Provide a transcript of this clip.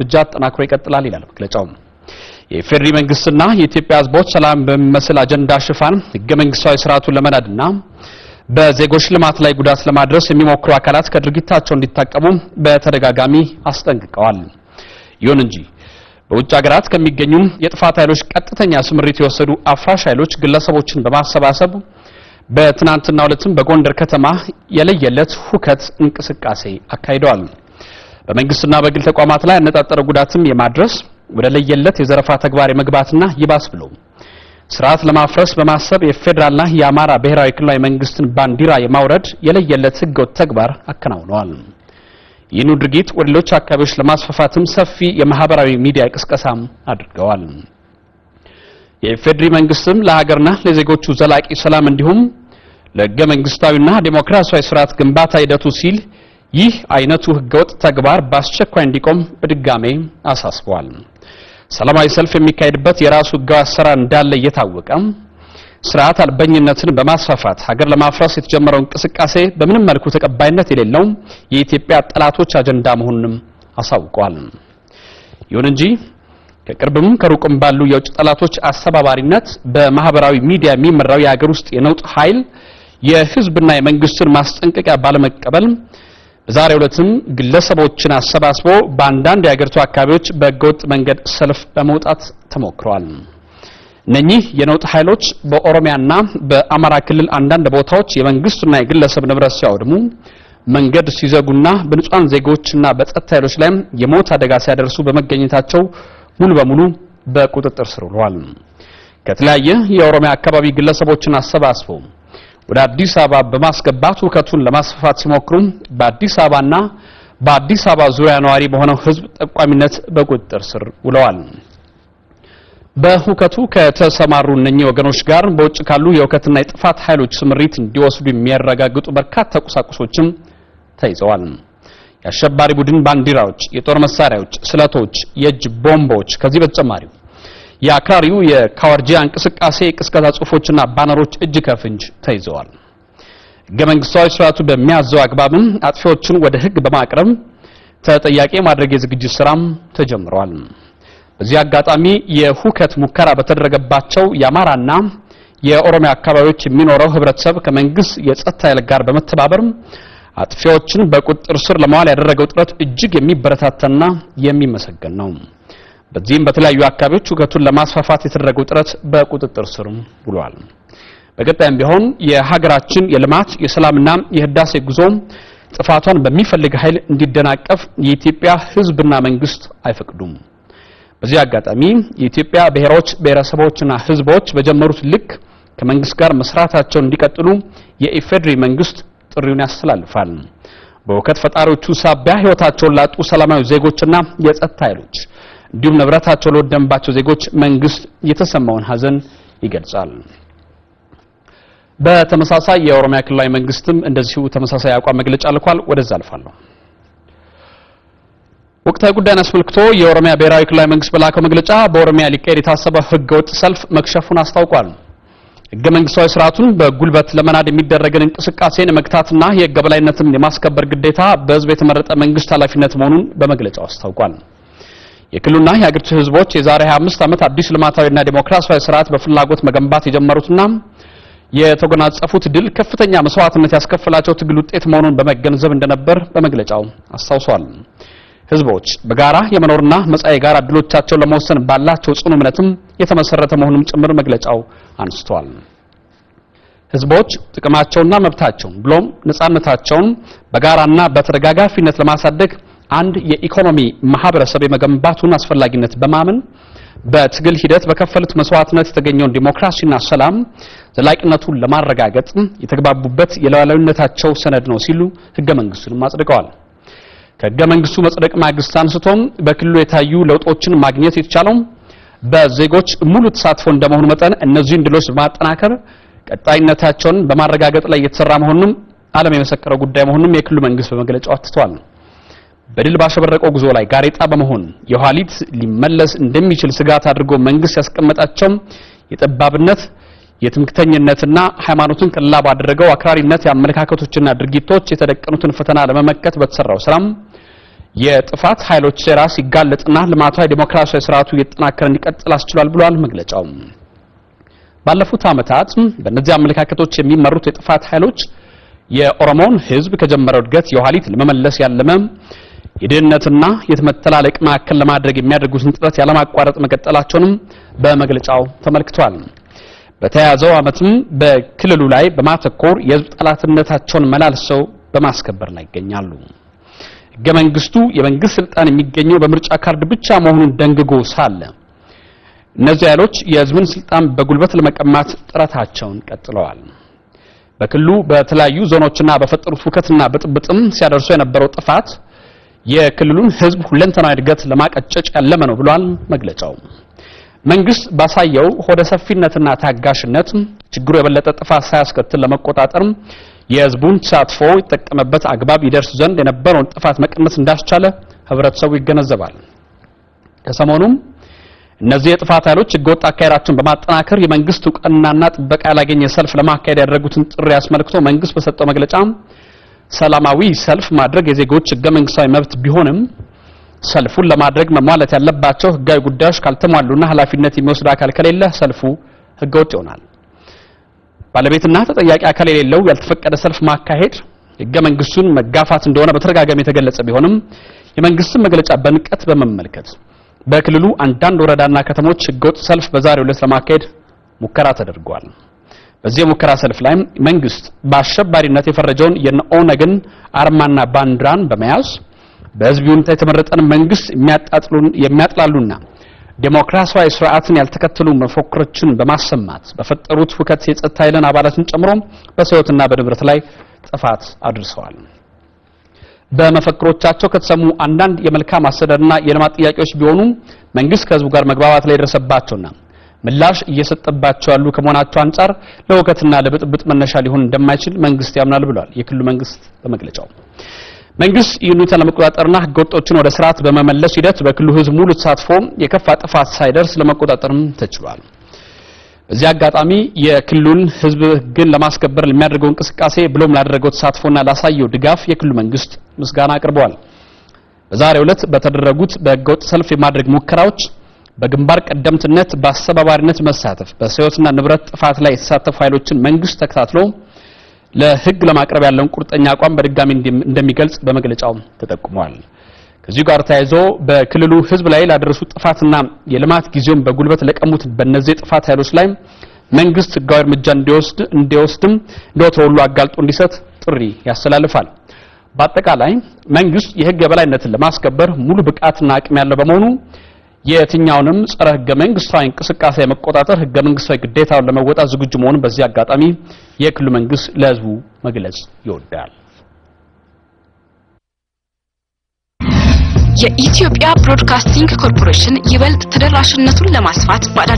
እርምጃ አጠናክሮ ይቀጥላል ይላል መግለጫው። የፌዴሪ መንግስትና የኢትዮጵያ ህዝቦች ሰላም በሚመስል አጀንዳ ሽፋን ህገ መንግስታዊ ስርዓቱን ለመናድና በዜጎች ልማት ላይ ጉዳት ለማድረስ የሚሞክሩ አካላት ከድርጊታቸው እንዲታቀሙ በተደጋጋሚ አስጠንቅቀዋል። ይሁን እንጂ በውጭ ሀገራት ከሚገኙ የጥፋት ኃይሎች ቀጥተኛ ስምሪት የወሰዱ አፍራሽ ኃይሎች ግለሰቦችን በማሰባሰብ በትናንትናው ዕለትም በጎንደር ከተማ የለየለት ሁከት እንቅስቃሴ አካሂደዋል። በመንግስትና በግል ተቋማት ላይ ያነጣጠረ ጉዳትም የማድረስ ወደ ለየለት የዘረፋ ተግባር የመግባትና ይባስ ብሎ ስርዓት ለማፍረስ በማሰብ የፌዴራልና የአማራ ብሔራዊ ክልላዊ መንግስትን ባንዲራ የማውረድ የለየለት ህገወጥ ተግባር አከናውነዋል። ይህኑ ድርጊት ወደ ሌሎች አካባቢዎች ለማስፋፋትም ሰፊ የማህበራዊ ሚዲያ ቅስቀሳም አድርገዋል። የፌዴሪ መንግስትም ለሀገርና ለዜጎቹ ዘላቂ ሰላም እንዲሁም ለህገ መንግስታዊና ዴሞክራሲያዊ ስርዓት ግንባታ ሂደቱ ሲል ይህ አይነቱ ህገወጥ ተግባር በአስቸኳይ እንዲቆም በድጋሜ አሳስቧል። ሰላማዊ ሰልፍ የሚካሄድበት የራሱ ህጋዊ አሰራር እንዳለ እየታወቀ ስርዓት አልበኝነትን በማስፋፋት ሀገር ለማፍረስ የተጀመረው እንቅስቃሴ በምንም መልኩ ተቀባይነት የሌለው የኢትዮጵያ ጠላቶች አጀንዳ መሆኑንም አሳውቋል። ይሁን እንጂ ከቅርብም ከሩቅም ባሉ የውጭ ጠላቶች አስተባባሪነት በማህበራዊ ሚዲያ የሚመራው የሀገር ውስጥ የነውጥ ኃይል የህዝብና የመንግስትን ማስጠንቀቂያ ባለመቀበል በዛሬ ዕለትም ግለሰቦችን አሰባስቦ በአንዳንድ የአገሪቱ አካባቢዎች በህገወጥ መንገድ ሰልፍ ለመውጣት ተሞክሯል። እነኚህ የነውጥ ኃይሎች በኦሮሚያና በአማራ ክልል አንዳንድ ቦታዎች የመንግስቱና የግለሰብ ንብረት ሲያወድሙ መንገድ ሲዘጉና በንጹሃን ዜጎችና በጸጥታ ኃይሎች ላይም የሞት አደጋ ሲያደርሱ በመገኘታቸው ሙሉ በሙሉ በቁጥጥር ስር ውለዋል። ከተለያየ የኦሮሚያ አካባቢ ግለሰቦችን አሰባስበው ወደ አዲስ አበባ በማስገባት ሁከቱን ለማስፋፋት ሲሞክሩም በአዲስ አበባና በአዲስ አበባ ዙሪያ ነዋሪ በሆነው ህዝብ ጠቋሚነት በቁጥጥር ስር ውለዋል። በሁከቱ ከተሰማሩ እነኚህ ወገኖች ጋር በውጭ ካሉ የውከትና የጥፋት ኃይሎች ስምሪት እንዲወስዱ የሚያረጋግጡ በርካታ ቁሳቁሶችም ተይዘዋል። የአሸባሪ ቡድን ባንዲራዎች፣ የጦር መሳሪያዎች፣ ስለቶች፣ የእጅ ቦምቦች ከዚህ በተጨማሪው የአክራሪው የካዋርጂያ እንቅስቃሴ ቅስቀሳ ጽሁፎችና ባነሮች እጅ ከፍንጅ ተይዘዋል። ህገ መንግስታዊ ስርዓቱ በሚያዘው አግባብም አጥፊዎችን ወደ ህግ በማቅረብ ተጠያቂ ማድረግ የዝግጅት ስራም ተጀምረዋል። በዚህ አጋጣሚ የሁከት ሙከራ በተደረገባቸው የአማራና የኦሮሚያ አካባቢዎች የሚኖረው ህብረተሰብ ከመንግስት የጸጥታ ኃይል ጋር በመተባበር አጥፊዎችን በቁጥጥር ስር ለመዋል ያደረገው ጥረት እጅግ የሚበረታታና የሚመሰገን ነው። በዚህም በተለያዩ አካባቢዎች ሁከቱን ለማስፋፋት የተደረገው ጥረት በቁጥጥር ስር ውሏል። በቀጣይም ቢሆን የሀገራችን የልማት የሰላምና የህዳሴ ጉዞ ጥፋቷን በሚፈልግ ኃይል እንዲደናቀፍ የኢትዮጵያ ህዝብና መንግስት አይፈቅዱም። በዚህ አጋጣሚ የኢትዮጵያ ብሔሮች ብሔረሰቦችና ህዝቦች በጀመሩት ልክ ከመንግስት ጋር መስራታቸውን እንዲቀጥሉ የኢፌድሪ መንግስት ጥሪውን ያስተላልፋል። በውከት ፈጣሪዎቹ ሳቢያ ህይወታቸውን ላጡ ሰላማዊ ዜጎችና የጸጥታ ኃይሎች እንዲሁም ንብረታቸው ለወደመባቸው ዜጎች መንግስት የተሰማውን ሀዘን ይገልጻል። በተመሳሳይ የኦሮሚያ ክልላዊ መንግስትም እንደዚሁ ተመሳሳይ አቋም መግለጫ ልኳል። ወደዛ አልፋለሁ። ወቅታዊ ጉዳይን አስመልክቶ የኦሮሚያ ብሔራዊ ክልላዊ መንግስት በላከው መግለጫ በኦሮሚያ ሊካሄድ የታሰበ ህገወጥ ሰልፍ መክሸፉን አስታውቋል። ህገ መንግስታዊ ስርዓቱን በጉልበት ለመናድ የሚደረግን እንቅስቃሴን መግታትና የህገ በላይነትን የማስከበር ግዴታ በህዝብ የተመረጠ መንግስት ኃላፊነት መሆኑን በመግለጫው አስታውቋል። የክልሉና የሀገሪቱ ህዝቦች የዛሬ 25 ዓመት አዲስ ልማታዊና ዲሞክራሲያዊ ስርዓት በፍላጎት መገንባት የጀመሩትና የተጎናጸፉት ድል ከፍተኛ መስዋዕትነት ያስከፈላቸው ትግል ውጤት መሆኑን በመገንዘብ እንደነበር በመግለጫው አስታውሷል። ህዝቦች በጋራ የመኖርና መጻኢ ጋራ እድሎቻቸውን ለመወሰን ባላቸው ጽኑ እምነትም የተመሰረተ መሆኑም ጭምር መግለጫው አንስቷል። ህዝቦች ጥቅማቸውና መብታቸውን ብሎም ነጻነታቸውን በጋራና በተደጋጋፊነት ለማሳደግ አንድ የኢኮኖሚ ማህበረሰብ የመገንባቱን አስፈላጊነት በማመን በትግል ሂደት በከፈሉት መስዋዕትነት የተገኘውን ዲሞክራሲና ሰላም ዘላቂነቱን ለማረጋገጥ የተግባቡበት የሉዓላዊነታቸው ሰነድ ነው ሲሉ ህገ መንግስቱንም አጽድቀዋል። ከህገ መንግስቱ መጽደቅ ማግስት አንስቶም በክልሉ የታዩ ለውጦችን ማግኘት የተቻለው በዜጎች ሙሉ ተሳትፎ እንደመሆኑ መጠን እነዚህን ድሎች በማጠናከር ቀጣይነታቸውን በማረጋገጥ ላይ እየተሰራ መሆኑንም ዓለም የመሰከረው ጉዳይ መሆኑንም የክልሉ መንግስት በመግለጫው አትቷል። በድል ባሸበረቀው ጉዞ ላይ ጋሬጣ በመሆን የኋሊት ሊመለስ እንደሚችል ስጋት አድርጎ መንግስት ያስቀመጣቸው የጠባብነት የትምክተኝነትና ሃይማኖትን ቀላ ባደረገው አክራሪነት የአመለካከቶችና ድርጊቶች የተደቀኑትን ፈተና ለመመከት በተሰራው ስራም የጥፋት ኃይሎች ሴራ ሲጋለጥና ልማታዊ ዴሞክራሲያዊ ስርዓቱ እየተጠናከረ እንዲቀጥል አስችሏል ብሏል መግለጫው። ባለፉት ዓመታት በእነዚህ አመለካከቶች የሚመሩት የጥፋት ኃይሎች የኦሮሞን ህዝብ ከጀመረው እድገት የኋሊት ለመመለስ ያለመ የድህነትና የመተላለቅ ማዕከል ለማድረግ የሚያደርጉትን ጥረት ያለማቋረጥ መቀጠላቸውንም በመግለጫው ተመልክቷል። በተያዘው ዓመትም በክልሉ ላይ በማተኮር የህዝብ ጠላትነታቸውን መላልሰው በማስከበር ላይ ይገኛሉ። ህገ መንግስቱ የመንግስት ስልጣን የሚገኘው በምርጫ ካርድ ብቻ መሆኑን ደንግጎ ሳለ እነዚህ ኃይሎች የህዝብን ስልጣን በጉልበት ለመቀማት ጥረታቸውን ቀጥለዋል። በክልሉ በተለያዩ ዞኖችና በፈጠሩት ውከትና ብጥብጥም ሲያደርሱ የነበረው ጥፋት የክልሉን ህዝብ ሁለንተናዊ እድገት ለማቀጨጭ ያለመ ነው ብሏል መግለጫው። መንግስት ባሳየው ሆደ ሰፊነትና ታጋሽነት ችግሩ የበለጠ ጥፋት ሳያስከትል ለመቆጣጠር የህዝቡን ተሳትፎ ይጠቀመበት አግባብ ይደርስ ዘንድ የነበረውን ጥፋት መቀነስ እንዳስቻለ ህብረተሰቡ ይገነዘባል። ከሰሞኑም እነዚህ የጥፋት ኃይሎች ህገወጥ አካሄዳቸውን በማጠናከር የመንግስት እውቅናና ጥበቃ ያላገኘ ሰልፍ ለማካሄድ ያደረጉትን ጥሪ አስመልክቶ መንግስት በሰጠው መግለጫ ሰላማዊ ሰልፍ ማድረግ የዜጎች ህገ መንግስታዊ መብት ቢሆንም ሰልፉን ለማድረግ መሟላት ያለባቸው ህጋዊ ጉዳዮች ካልተሟሉና ኃላፊነት የሚወስድ አካል ከሌለ ሰልፉ ህገወጥ ይሆናል። ባለቤትና ተጠያቂ አካል የሌለው ያልተፈቀደ ሰልፍ ማካሄድ ህገ መንግስቱን መጋፋት እንደሆነ በተደጋጋሚ የተገለጸ ቢሆንም የመንግስትን መግለጫ በንቀት በመመልከት በክልሉ አንዳንድ ወረዳና ከተሞች ህገወጥ ሰልፍ በዛሬው ዕለት ለማካሄድ ሙከራ ተደርጓል። በዚህ የሙከራ ሰልፍ ላይ መንግስት በአሸባሪነት የፈረጀውን የኦነግን አርማና ባንዲራን በመያዝ በህዝብ ይሁንታ የተመረጠን መንግስት የሚያጥላሉና ዴሞክራሲያዊ ስርዓትን ያልተከተሉ መፎክሮችን በማሰማት በፈጠሩት ሁከት የጸጥታ ኃይልን አባላትን ጨምሮ በሰው በንብረት ላይ ጥፋት አድርሰዋል። በመፈክሮቻቸው ከተሰሙ አንዳንድ የመልካም አስተዳደርና የልማት ጥያቄዎች ቢሆኑም መንግስት ከህዝቡ ጋር መግባባት ላይ የደረሰባቸውና ምላሽ እየሰጠባቸው ያሉ ከመሆናቸው አንጻር ለውከትና ለብጥብጥ መነሻ ሊሆን እንደማይችል መንግስት ያምናል ብሏል የክልሉ መንግስት በመግለጫው። መንግስት ይህን ለመቆጣጠርና ህገወጦችን ወደ ስርዓት በመመለስ ሂደት በክልሉ ህዝብ ሙሉ ተሳትፎ የከፋ ጥፋት ሳይደርስ ለመቆጣጠርም ተችሏል። በዚህ አጋጣሚ የክልሉን ህዝብ ህግን ለማስከበር ለሚያደርገው እንቅስቃሴ ብሎም ላደረገው ተሳትፎና ላሳየው ድጋፍ የክልሉ መንግስት ምስጋና አቅርበዋል። በዛሬው ዕለት በተደረጉት በህገወጥ ሰልፍ የማድረግ ሙከራዎች በግንባር ቀደምትነት በአስተባባሪነት መሳተፍ በሰዎችና ንብረት ጥፋት ላይ የተሳተፉ ኃይሎችን መንግስት ተከታትሎ ለህግ ለማቅረብ ያለውን ቁርጠኛ አቋም በድጋሚ እንደሚገልጽ በመግለጫው ተጠቁሟል። ከዚሁ ጋር ተያይዞ በክልሉ ህዝብ ላይ ላደረሱ ጥፋትና የልማት ጊዜውን በጉልበት ለቀሙት በእነዚህ የጥፋት ኃይሎች ላይ መንግስት ህጋዊ እርምጃ እንዲወስድ እንዲወስድም እንደወትሮ ሁሉ አጋልጦ እንዲሰጥ ጥሪ ያስተላልፋል። በአጠቃላይ መንግስት የህግ የበላይነትን ለማስከበር ሙሉ ብቃትና አቅም ያለው በመሆኑ የትኛውንም ጸረ ህገ መንግስታዊ እንቅስቃሴ መቆጣጠር ህገ መንግስታዊ ግዴታውን ለመወጣት ዝግጁ መሆኑን በዚህ አጋጣሚ የክልሉ መንግስት ለህዝቡ መግለጽ ይወዳል። የኢትዮጵያ ብሮድካስቲንግ ኮርፖሬሽን ይበልጥ ተደራሽነቱን ለማስፋት